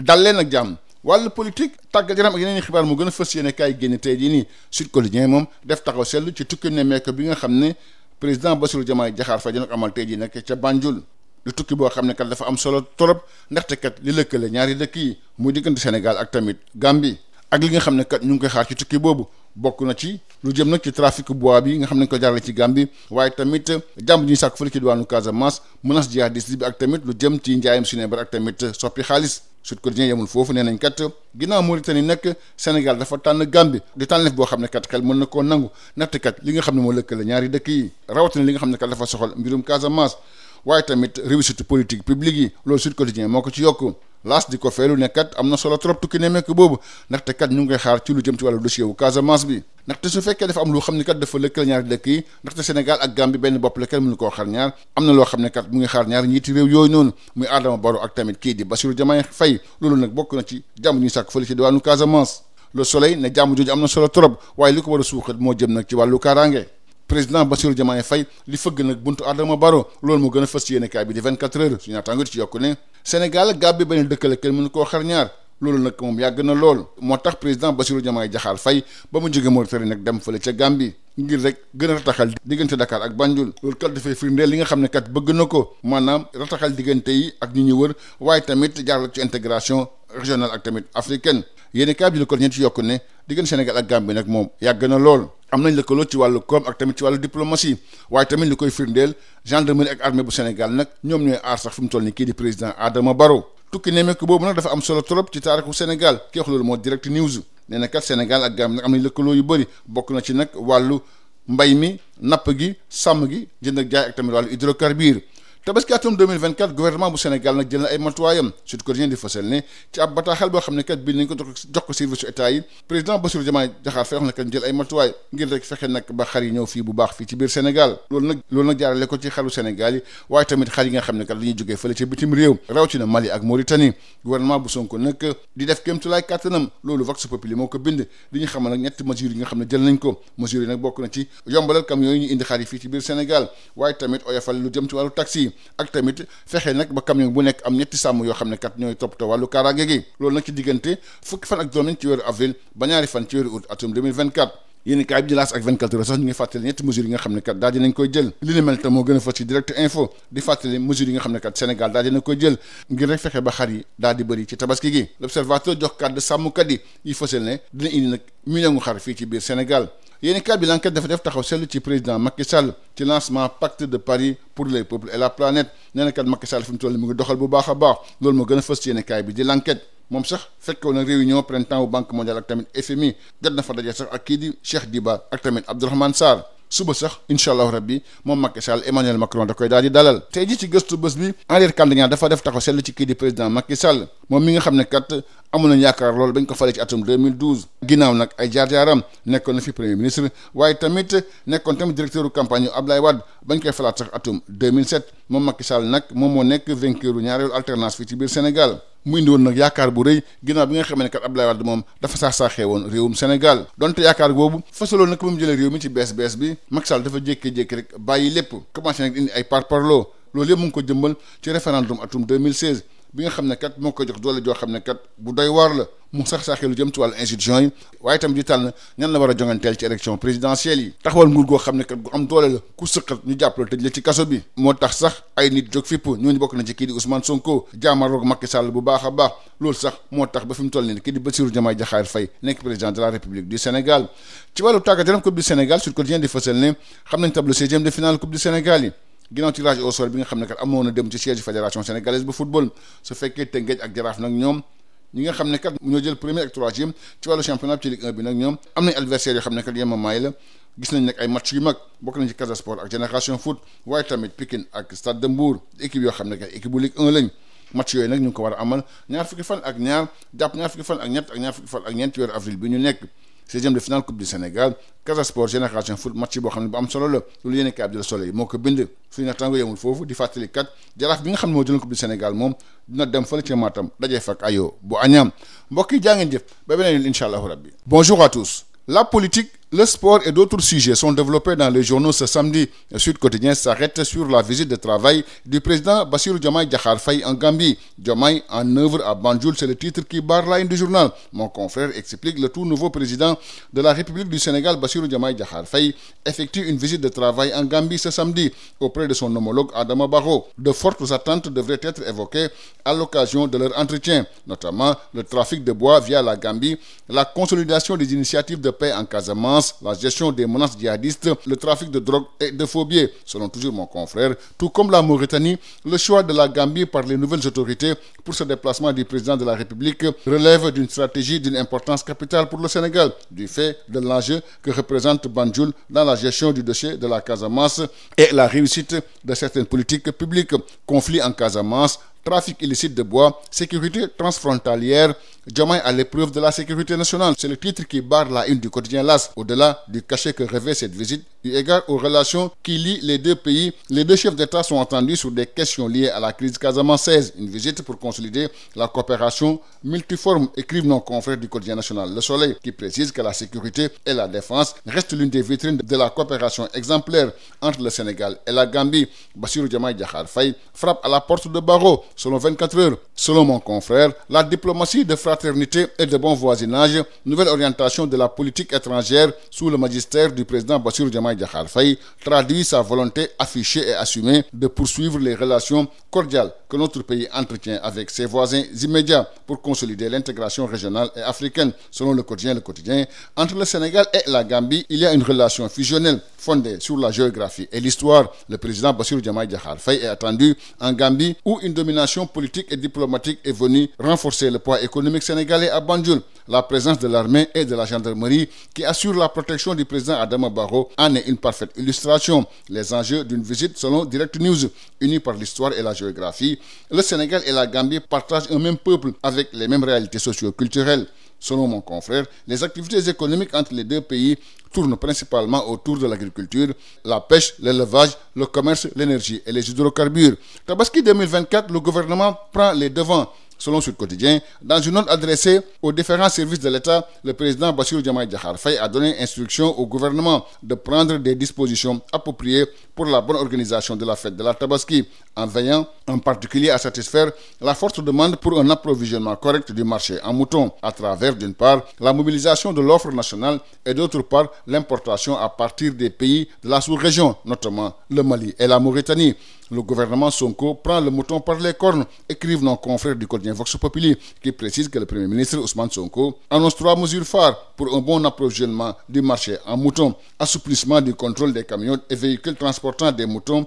dal leen ak jàmm wàllu politique tàggat yaram ak yeneen i xibaar mu gën a fës yéene kaay génn tey jii nii Sud Quotidien moom def taxaw seetlu ci tukki nemmeeku bi nga xam ne président Bassirou Diomaye Diakhar Faye dina ko amal tey jii nag ca Banjul lu tukki boo xam ne kat dafa am solo torop ndaxte kat li lëkkale ñaari dëkk yi mu diggante Sénégal ak tamit Gambie ak li nga xam ne kat ñu ngi koy xaar ci tukki boobu bokk na ci lu jëm nag ci trafic bois bi nga xam nañ ko jaarale ci Gambie waaye tamit jàmm ñuy sàkk fële ci diwaanu Casamance menace jihadiste bi ak tamit lu jëm ci njaayam sinébar ak tamit soppi xaalis Sud Quotidien yemul foofu nee nañ kat ginnaaw Mauritanie nag Sénégal dafa tànn Gambie di tànneef xam ne kat mën na koo nangu ndaxte kat nga xam ne moo lëkkale ñaari dëkk yi rawatina li nga xam ne kat dafa soxal mbirum Casamance waaye tamit réussite politique publique yi loolu Sud Quotidien moo ko ci yokk laas di ko feelu ne kat am na solo trop tukki nemmeeku boobu ndaxte kat ñu ngi koy xaar ci lu jëm ci wàllu dossier wu Casamance bi ndaxte su fekkee dafa am lu xam ne kat dafa lëkkale ñaari dëkk yi ndaxte Sénégal ak Gambie benn bopp la kenn mënu koo xaar ñaar am na loo xam ne kat mu ngi xaar ñaar ñiiti réew yooyu noonu muy Adama Barrow ak tamit kii di Bassirou Diomaye Faye loolu nag bokk na ci jàmm ñuy sàkk fële ci diwaanu Casamance le soleil ne jàmm jooju waaye li ko war a moo jëm ci wàllu kaaraange président Bassirou Diomaye Faye li fëgg nag buntu Adama a fës yéene kaay bi ne Sénégal Gàmbi benn dëkk dëkkale kenn mënu koo xar ñaar loolu nag moom yàgg na lool moo tax président Bassirou Diomaye Diakhar fay ba mu moo Mauritanie nag dem fële ca Gàmbi ngir rek gën a rataxal diggante Dakar ak Banjul loolu kat dafay firndeel li nga xam ne kat bëgg na ko maanaam rataxal diggante yi ak ñu ñu wër waaye tamit jaarale ci intégration régionale ak tamit africaine yéen i kaay ñu ko ñeent yokk ne. diggante Sénégal ak Gambie nag moom yàgg na lool am nañ lëkkaloo ci wàllu koom ak tamit ci wàllu diplomatie waaye tamit li koy firndeel gendarmerie ak armée bu Sénégal nag ñoom ñooy aar sax fi mu toll ni kii di président Adama Barrow tukki nemmeeku boobu nag dafa am solo trop ci taarixu Sénégal ki wax loolu moo Direct News nee na kat Sénégal ak Gambie nag am nañ lëkkaloo yu bëri bokk na ci nag wàllu mbay mi napp gi sàmm gi jënd ak jaay ak tamit wàllu hydrocarbure tabaski atum 2024 gouvernement bu Sénégal nag jël na boo xam ne kat bii nañ ko jox ko service su nag fii bu baax fii ci biir Sénégal loolu nag loolu nag jaarale ko ci xaru Sénégal tamit xar yi nga xam ne kat dañuy jógee fële ci bitim réew rawatina def kéem tolluwaay kàttanam loolu Vox Populi moo ko bind di ñu xam ne jël nañ ko mesures yi nag bokk na ci yombalal camion yooyu ñu indi xar yi fii ci biir Sénégal waaye tamit oyofal lu jëm ci wàllu taxi ak tamit fexe nag ba camion bu nekk am ñetti sàmm yoo xam ne kat ñooy topp wàllu kaaraange gi loolu nag ci diggante fukki fan ak juróom ci weeru avril ba ñaari fan ci weeru août atum 2024 yéen kaay bi di ak 24 heures sax ñu ngi fàttali ñetti mesures yi nga xam ne kat daal dinañ koy jël li ni mel te moo gën a fës ci direct info di fàttali mesures yi nga xam ne kat Sénégal daal dinañ koy jël ngir rek fexe ba xar yi daal di bëri yéeni kat bi l'enquête dafa def taxaw seetlu ci président Macky Sall ci lancement pacte de Paris pour les peuples et la planète nee na kat Macky Sall fi mu toll ngi doxal bu baax a baax loolu moo gën a fës ci yéeni kaay bi di l'enquête moom sax fekkoon na réunion printemps bu banque mondiale ak tamit FMI jot na fa daje sax ak kii di Cheikh Diba ak tamit Abdourahmane Sarr suba sax incha allahu bi moom Macky Sall Emmanuel Macron da koy daal di dalal tey ji ci gëstu bés bi Henriette Kandé dafa def taxaw seetlu ci kii di président Macky Sall moom mi nga xam ne kat amoon nañ yaakaar loolu bañ ko falee ci atum 2012 ginnaaw nag ay jaar-jaaram nekkoon na fi premier ministre waaye tamit nekkoon tamit directeur campagne yu Ablaye Wade bañ koy falaat sax atum 2007 moom Macky Sall nag moom moo nekk vainqueur u ñaareelu alternance fii ci biir Sénégal mu indi woon nag yaakaar bu rëy ginnaaw bi nga xamee ne kat Abdoulaye Wade moom dafa saax-saaxee woon réewum Sénégal donte yaakaar boobu fasaloon nag ba mu jëlee réew mi ci bees bees bi Macky Sall dafa jékkee-jékki rek bàyyi lépp commencé nag indi ay parparloo loolu yëpp mu ngi ko jëmbal ci référendum atum 2016 bi nga xam ne kat moo koy jox doole joo xam ne kat bu doy waar la mu sax saaxee lu jëm ci wàllu institution yi waaye itam di tànn ñan la war a jonganteel ci élection présidentielle yi taxawal nguur goo xam ne kat gu am doole la ku sëqat ñu jàppale tëj la ci kaso bi moo tax sax ay nit jóg fipp ñooñu bokk na ci kii di Ousmane Sonko jaamaroog Macky Sall bu baax a baax loolu sax moo tax ba fi mu toll nii kii di Bassirou Diomaye Diakhar Faye nekk président de la République du Sénégal ci wàllu tàggat yaram de finale coupe yi ginnaaw tirage au sort bi nga xam ne kat amoon na dem ci siège fédération sénégalaise bu football su fekkee Tëngéej ak Jaraaf nag ñoom ñi nga xam ne kat ñoo jël premier ak troisième ci wàllu championnat ci bi nag ñoom am nañ adversaire yoo xam ne kat yemamaay la gis nañ nag ay match yu mag bokk nañ ci Casa Sport ak Génération Foot waaye tamit Pikine ak Stade de Mbour équipe yoo xam ne kat équipe bu Ligue 1 match yooyu nag ñu ko war a amal ñaar fukki fan ak ñaar nekk se e de finale coupe du Sénégal Casa Sport génération foot match boo xam ne bu am solo la loolu yéen kay Abdoulaye Soleil moo ko bind suñu naataango yemul foofu di fàttali jaraaf bi nga xam ne moo jël coupe du Sénégal moom dina dem fële ca Matam dajee fak ayo bu añaam mbokk jaa ngeen jëf ba beneen yoon allahu rabbi bonjour à la politique Le sport et d'autres sujets sont développés dans les journaux ce samedi. Le Sud Quotidien s'arrête sur la visite de travail du président Bassirou Diomaye Diakhar Faye en Gambie. Diomaye en œuvre à Banjul, c'est le titre qui barre la ligne du journal. Mon confrère explique le tout nouveau président de la République du Sénégal Bassirou Diomaye Diakhar Faye effectue une visite de travail en Gambie ce samedi auprès de son homologue Adama Barrow. De fortes attentes devraient être évoquées à de leur entretien, notamment le violence, la gestion des menaces djihadistes, le trafic de drogue et de faux billets, selon toujours mon confrère, tout comme la Mauritanie, le choix de la Gambie par les nouvelles autorités pour ce déplacement du président de la République relève d'une stratégie d'une importance capitale pour le Sénégal, du fait de l'enjeu que représente Banjul dans la gestion du dossier de la Casamance et la réussite de certaines politiques publiques. Conflit en Casamance, trafic illicite de bois, sécurité transfrontalière, Diomaye à l'épreuve de la sécurité nationale. C'est le titre qui barre la une du quotidien LAS. Au-delà du cachet que revêt cette visite, eu égard aux relations qui lient les deux pays, les deux chefs d'État sont entendus sur des questions liées à la crise casamançaise. Une visite pour consolider la coopération multiforme, écrivent nos confrères du quotidien national Le Soleil, qui précise que la sécurité et la défense restent l'une des vitrines de la coopération exemplaire entre le Sénégal et la Gambie. la porte de Barreau Selon 24 heures, selon mon confrère, la diplomatie de fraternité et de bon de la politique étrangère sous le magistère du président Bassirou Diomaye Diakhar Faye, traduit sa volonté affichée et assumée de poursuivre les relations cordiales que notre pays entretient avec ses voisins immédiats pour consolider l'intégration régionale et africaine. Selon le quotidien Le Quotidien, entre le Sénégal la Gambie, il y a Le président Bassirou Diomaye Diakhar Faye domination politique et diplomatique est venue renforcer le poids économique sénégalais à Banjul. La présence de l'armée et de la gendarmerie qui assure la protection du président Adama Barrow en est une parfaite illustration. Les enjeux d'une visite selon Direct News, unis par l'histoire et la géographie, le Sénégal et la Gambie partagent un même peuple avec les mêmes réalités socioculturelles. Selon mon confrère, les activités économiques entre les deux pays tournent principalement autour de l'agriculture, la pêche, l'élevage, le commerce, l'énergie et les hydrocarbures. Tabaski 2024, le gouvernement prend les devants selon Sud Quotidien. Dans une note adressée aux différents services de l'État, le président Bassirou Diomaye Diakhar Faye a donné instruction au gouvernement de prendre des dispositions appropriées pour la bonne organisation de la fête de la Tabaski, en veillant en particulier à satisfaire la forte demande pour un approvisionnement correct du marché en moutons, à travers d'une part la mobilisation de l'offre nationale et d'autre part l'importation à partir quotidien Vox Populi qui e précise que le Premier ministre Ousmane Sonko annonce trois mesures phares pour un bon approvisionnement du marché en moutons. Assouplissement du contrôle des camions et véhicules transportant des moutons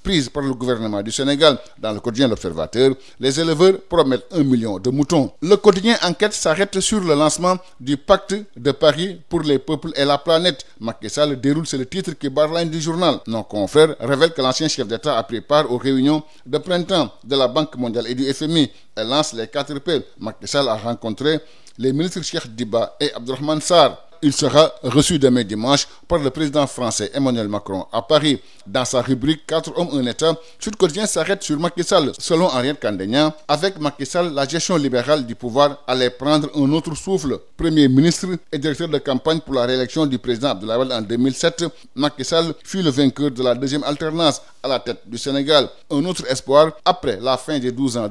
prises par le gouvernement du Sénégal. Dans le quotidien L'Observateur, les éleveurs promettent un million de moutons. Le quotidien Enquête s'arrête sur le lancement du pacte de Paris pour les peuples et la planète. Macky Sall déroule, c'est le titre qui barre la du journal. Nos confrères révèlent que l'ancien chef d'État a pris aux réunions de printemps de la Banque mondiale et du FMI. Elle lance les quatre P. Macky a rencontré les ministres Cheikh il sera reçu demain dimanche par le président français Emmanuel Macron à Paris. Dans sa rubrique 4 hommes, un État, Sud Quotidien s'arrête sur Macky Selon Henriette Candegna, avec Macky la gestion libérale du pouvoir allait prendre un autre souffle. Premier ministre et directeur de campagne pour la réélection du président Abdoulaye en 2007, fut le vainqueur de la deuxième alternance à la tête du Sénégal. Un autre espoir après la fin des 12 ans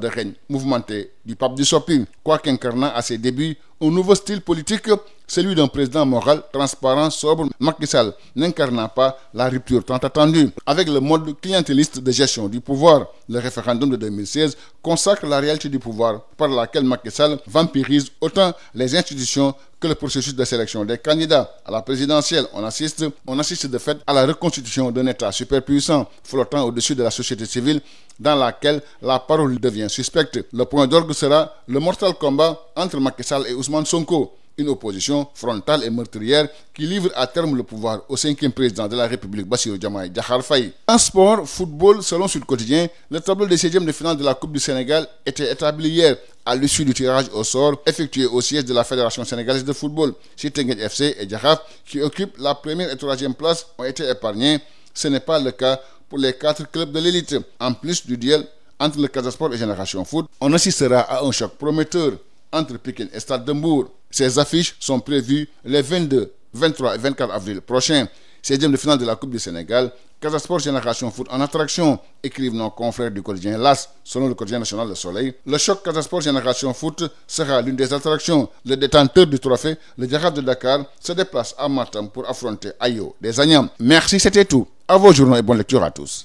du pape du shopping, quoique incarnant à ses débuts un nouveau style politique, celui d'un président moral, transparent, sobre, Macky Sall, n'incarnant pas la rupture tant attendue avec le mode clientéliste de gestion du pouvoir. Le référendum de 2016 consacre la réalité du pouvoir par laquelle Macky vampirise autant les institutions que le processus de sélection des candidats à la présidentielle. On assiste, on assiste de fait à la reconstitution d'un État superpuissant flottant au-dessus de la société civile dans laquelle la parole devient suspecte. Le point d'orgue sera le mortal combat entre Macky et Ousmane Sonko. une opposition frontale et meurtrière qui livre à terme le pouvoir au cinquième président de la République, Bassirou Diomaye Diakhar Faye. En sport, football, selon Sud Quotidien, le tableau des 16e de finale de la Coupe du Sénégal était établi hier à l'issue du tirage au sort effectué au siège de la Fédération sénégalaise de football. Teungueth FC et Diakhar, qui occupent la première et troisième place, ont été épargnés. Ce n'est pas le cas pour les quatre à un entre Pikine et Stade de Mbour. Ces affiches sont prévues les 22, 23 et 24 avril prochains. 16e de finale de la Coupe du Sénégal, Casa Sport Génération Foot en attraction, écrivent nos confrères du quotidien LAS. Selon le quotidien national Le Soleil, le choc Casa Sport Génération Foot sera l'une des attractions. Le